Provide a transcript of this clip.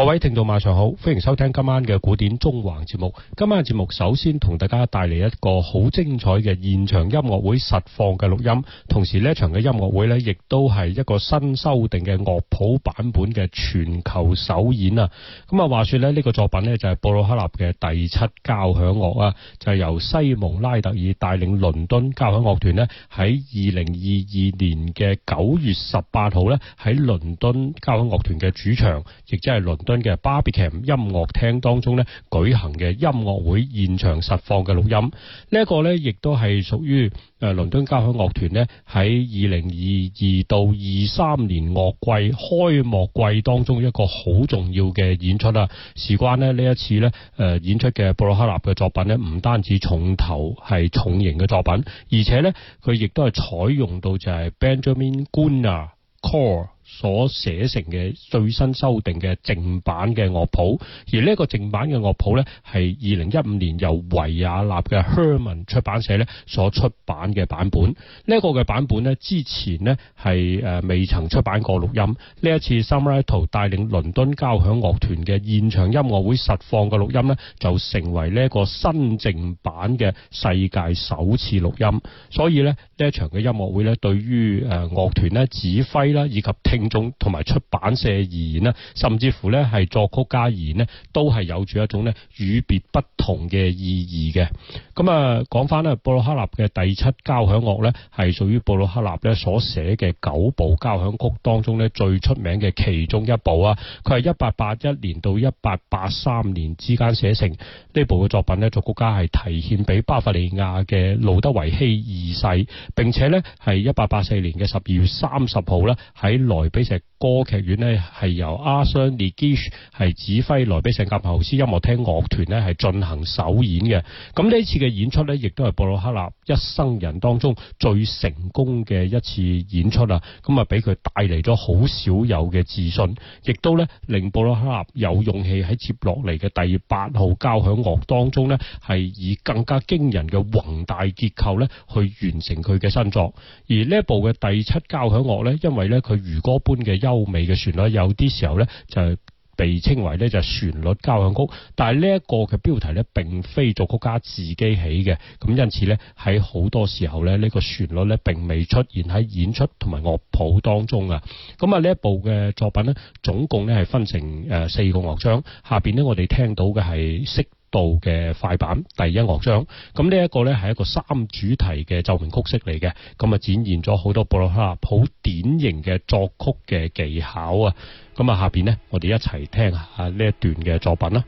各位聽眾晚上好，歡迎收聽今晚嘅古典中環節目。今晚嘅節目首先同大家帶嚟一個好精彩嘅現場音樂會實況嘅錄音，同時呢一場嘅音樂會呢，亦都係一個新修訂嘅樂譜版本嘅全球首演啊！咁啊，話說呢呢個作品呢，就係布魯克納嘅第七交響樂啊，就係由西蒙拉特爾帶領倫敦交響樂團呢，喺二零二二年嘅九月十八號呢，喺倫敦交響樂團嘅主場，亦即係倫。嘅巴比肯音樂廳當中咧舉行嘅音樂會現場實況嘅錄音，呢、這、一個咧亦都係屬於誒倫敦交響樂團咧喺二零二二到二三年樂季開幕季當中一個好重要嘅演出啦。事關咧呢一次咧誒演出嘅布魯克納嘅作品咧，唔單止重頭係重型嘅作品，而且咧佢亦都係採用到就係 Benjamin Gunnar Core。所寫成嘅最新修訂嘅正版嘅樂譜，而呢個個正版嘅樂譜咧，係二零一五年由維也納嘅 Herman 出版社咧所出版嘅版本。呢、這個個嘅版本咧，之前咧係誒未曾出版過錄音。呢一次，Simon Rattle 帶領倫敦交響樂團嘅現場音樂會實況嘅錄音咧，就成為呢一個新正版嘅世界首次錄音。所以咧，呢一場嘅音樂會咧，對於誒樂團咧、指揮啦以及聽。五種同埋出版社而言咧，甚至乎咧係作曲家而言咧，都係有住一種咧與別不同嘅意義嘅。咁啊，講翻咧，布魯克納嘅第七交響樂咧，係屬於布魯克納咧所寫嘅九部交響曲當中咧最出名嘅其中一部啊。佢係一八八一年到一八八三年之間寫成呢部嘅作品咧，作曲家係提獻俾巴伐利亞嘅路德維希二世，並且咧係一八八四年嘅十二月三十號咧喺萊。比錫歌劇院咧，係由阿瑟尼基斯係指揮萊比錫格萬豪斯音樂廳樂團咧，係進行首演嘅。咁呢次嘅演出咧，亦都係布魯克納一生人當中最成功嘅一次演出啊，咁啊，俾佢帶嚟咗好少有嘅自信，亦都咧令布魯克納有勇氣喺接落嚟嘅第八號交響樂當中咧，係以更加驚人嘅宏大結構咧，去完成佢嘅新作。而呢一部嘅第七交響樂咧，因為咧佢如歌。一般嘅優美嘅旋律，有啲時候呢就被稱為呢就旋律交響曲，但係呢一個嘅標題呢，並非作曲家自己起嘅，咁因此呢，喺好多時候呢，呢、呢個旋律呢並未出現喺演出同埋樂譜當中啊，咁啊呢一部嘅作品呢，總共呢係分成誒四個樂章，下邊呢，我哋聽到嘅係識度嘅快板第一樂章，咁呢一個咧，係一個三主題嘅奏鳴曲式嚟嘅，咁啊展現咗好多布魯克納好典型嘅作曲嘅技巧啊，咁啊下邊咧我哋一齊聽下呢一段嘅作品啦。